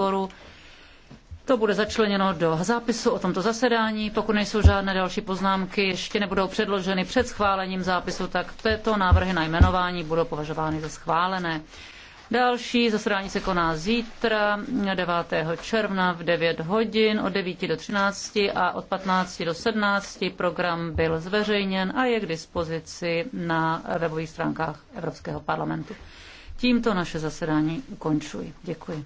výboru. To bude začleněno do zápisu o tomto zasedání. Pokud nejsou žádné další poznámky, ještě nebudou předloženy před schválením zápisu, tak tyto návrhy na jmenování budou považovány za schválené. Další zasedání se koná zítra 9. června v 9 hodin od 9 do 13 a od 15 do 17. Program byl zveřejněn a je k dispozici na webových stránkách Evropského parlamentu. Tímto naše zasedání ukončuji. Děkuji.